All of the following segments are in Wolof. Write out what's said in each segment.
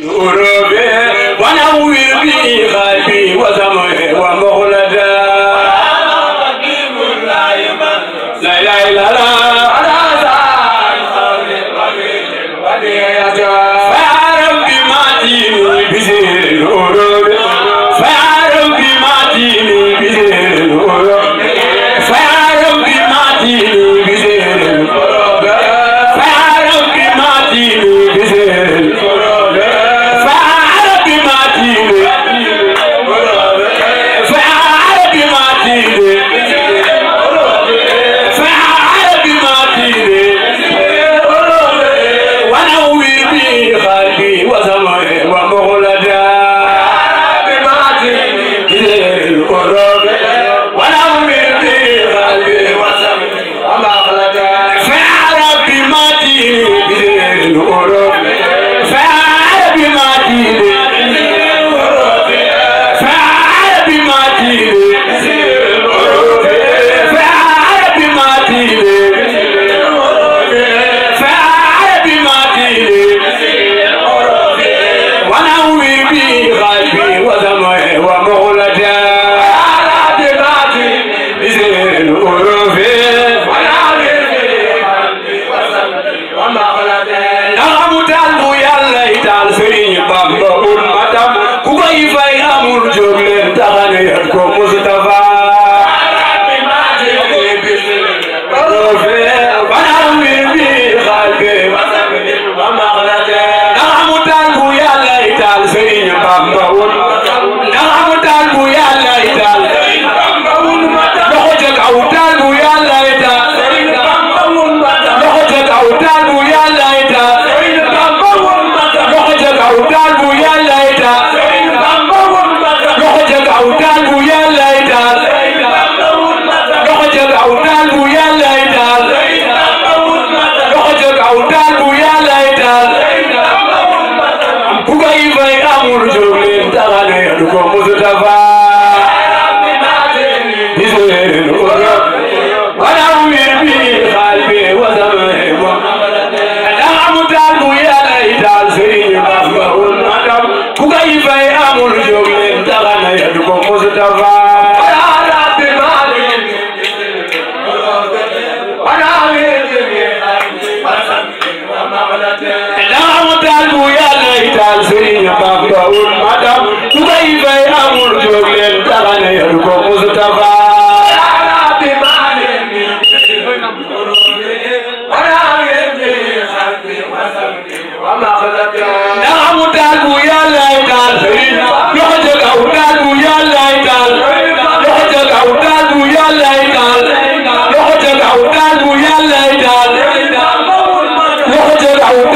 قلوبي ونور بي قلبي ndax amu taal bu yàlla itaal Sëriñ Bamba un matam ku koy fay amul jóg leen taxane yat ko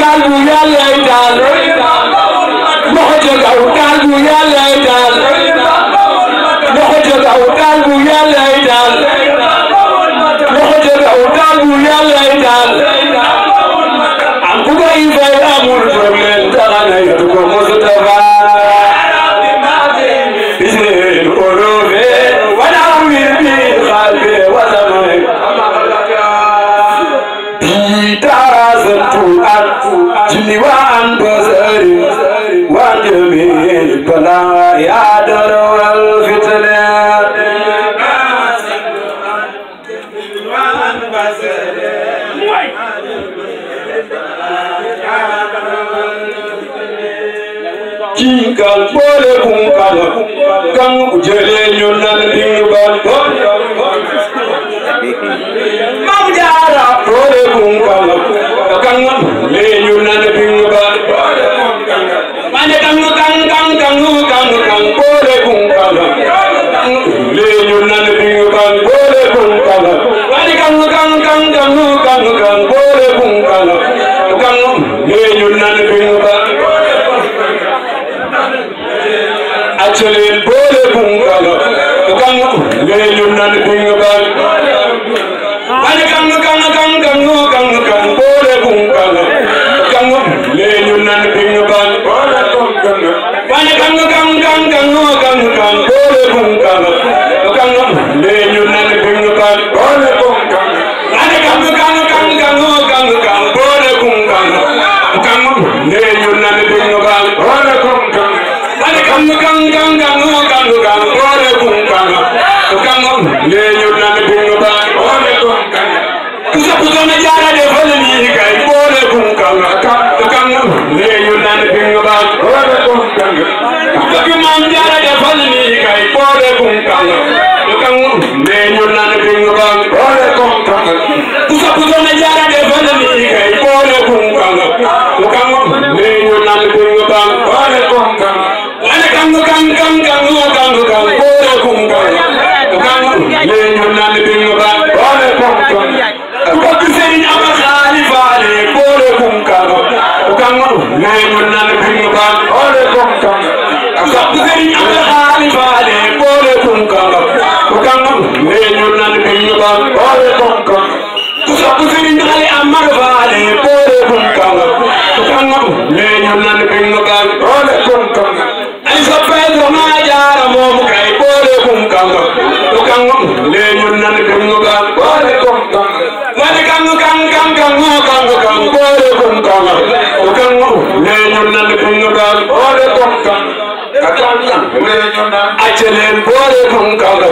kalbu yàllay daal loxo ca kaw kalbu yàllay daal loxo ca kaw kalbu yàllay daal loxo ca kaw kalbu yàllay daal am ku koy fay amul problème dara na yëtu ko mos kan boole kum kala kan ku jëlee ñu naan dingu ba bopp mam jaara boole kum kala kan lee ñu naan acelen boore kon kala to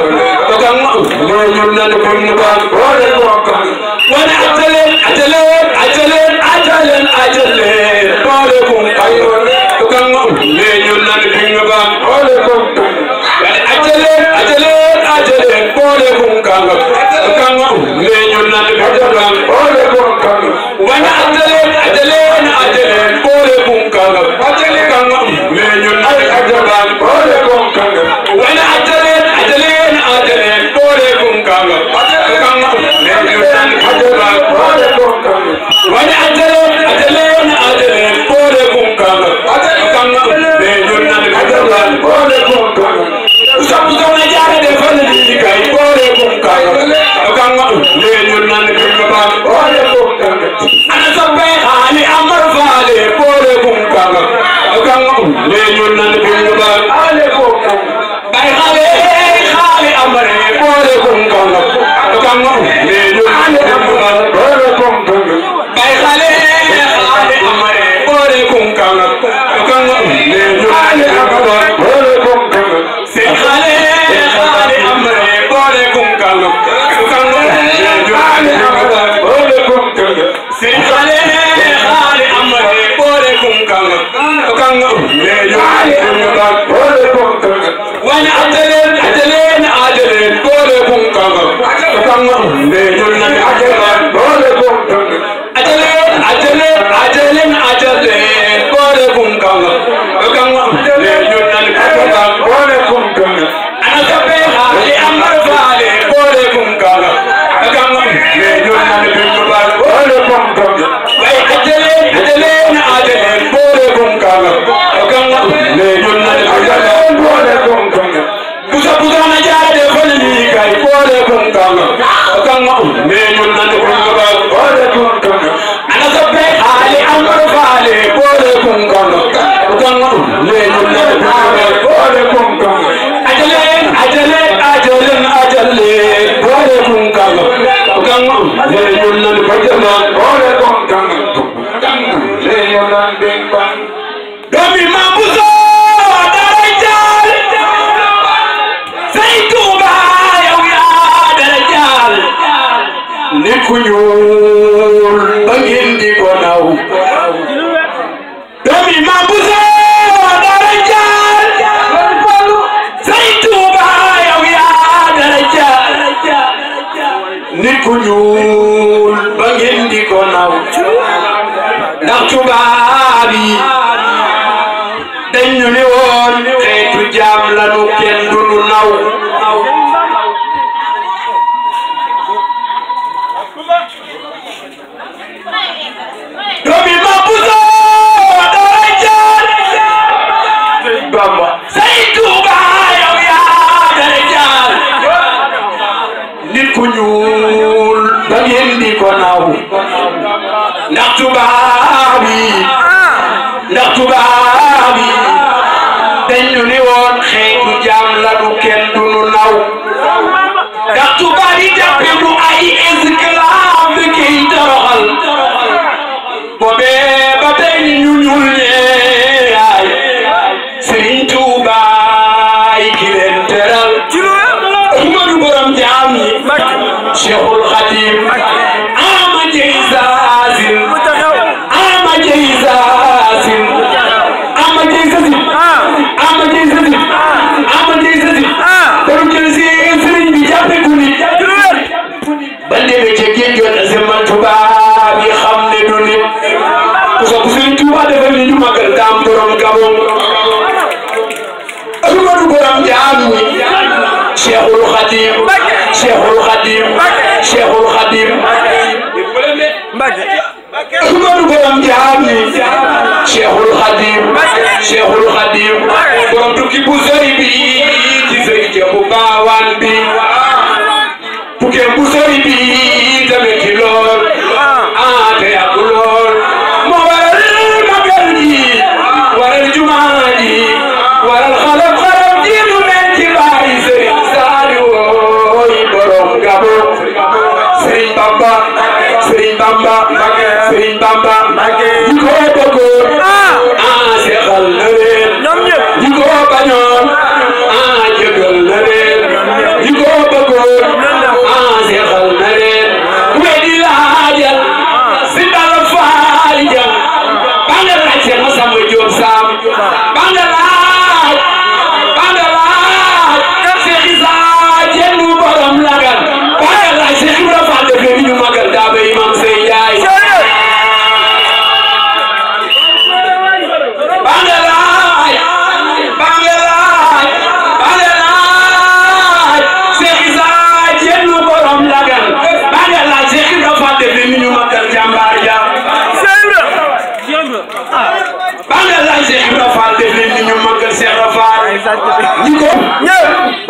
kam ñoñol nan konno ba boore kon wona acelen acelen acelen acelen acelen boore kon kala to kam ñoñol nan konno ba boore kon acelen acelen acelen boore kon kala to kam ñoñol nan konno ba boore kon kala wona acelen acelen acelen boore kon kala Hallelujah. to kango wona abdel wajalan ole kon kangen tu ku ñuul ko naw ndax tubaab yi dañ ñu ni woon xeetu jaam kenn du nu konawu ndax tubaab yi ndax tubaab yi dañu ni woon xeetu jaam la du kenn du nu naw ndax tubaab yi jàppee du ay esclave de kay toroxal boobee ba tey ñu ñuul ñee ay Serigne Touba ay ki leen teral Ahmadu borom jaam yi Cheikhul Khadim Mbacke Ahmadou borom jaam ni Cheikhul Khadim Cheikhul Khadim borom tukki bu sori bi ci sëriñ ja bu baawaan bi tukkee bu sori bi tamit ci lool Bamba Mbacke Serigne Bamba Mbacke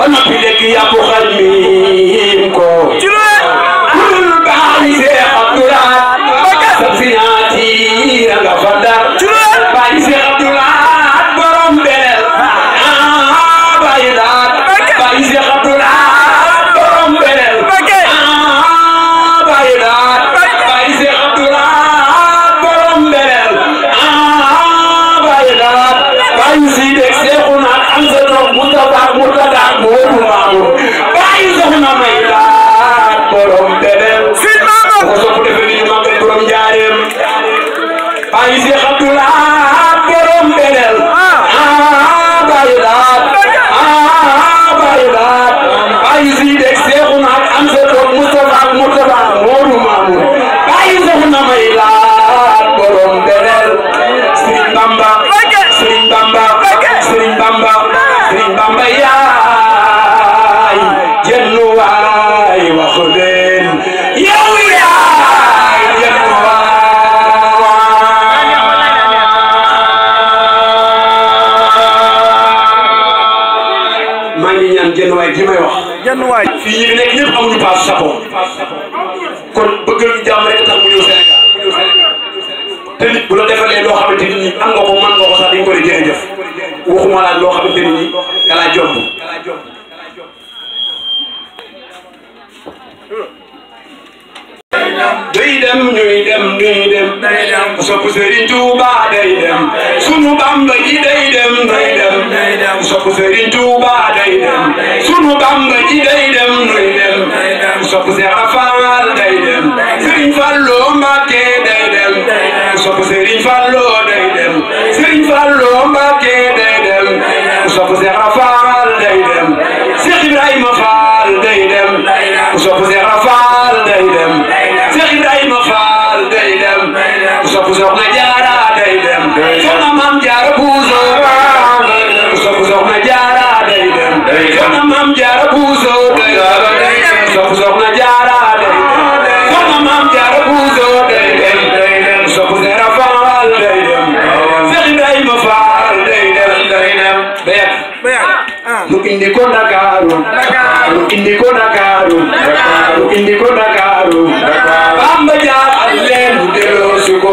ba noppi lekk yàpp xar mi Sëriñ Bamba yaay yenn waay waxu leen yow yaay yenn waay maa ngi ñaan genn waay gi may wax genn waay fii ñi nekk ñëpp amuñu paas sapon kon bëggal ñu jàmm rek tax mu ñëw Sénégal te nit bu la defalee loo xamante ni am nga ko mën nga ko sax dañ ko di jërëjëf waxuma laa loo xamante ne nii dalaa jomb day dem ñuy dem ñuy dem day dem ku sopp Serigne Touba day dem sunu Bamba ji day dem day dem day dem ku sopp Serigne Touba day dem sunu Bamba ji day dem day dem ku sopp Serigne Fall day dem Serigne Fallou Mbacké day dem ku sopp Serigne Fallou day dem Serigne Fallou vous est renforcé. Bayam mu indi ko Ndakaaru mu indi ko Ndakaaru mu indi ko Ndakaaru Bamba jaaxal leen mu delloosi ko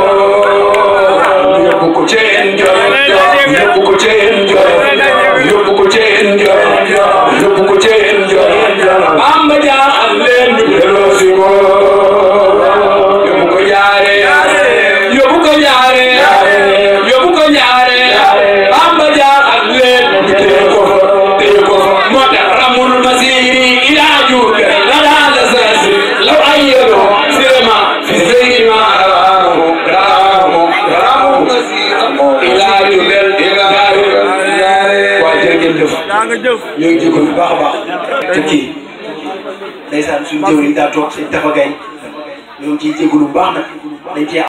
yóbbu ko ceen joor yóbbu ko ceen joor yaa nga jëf ñoo ngi bu baax a baax te kii ndeysaan suñu jëw yi daa toog sëñ Tafa Gaye ngi ciy jéego bu baax nag dañ cee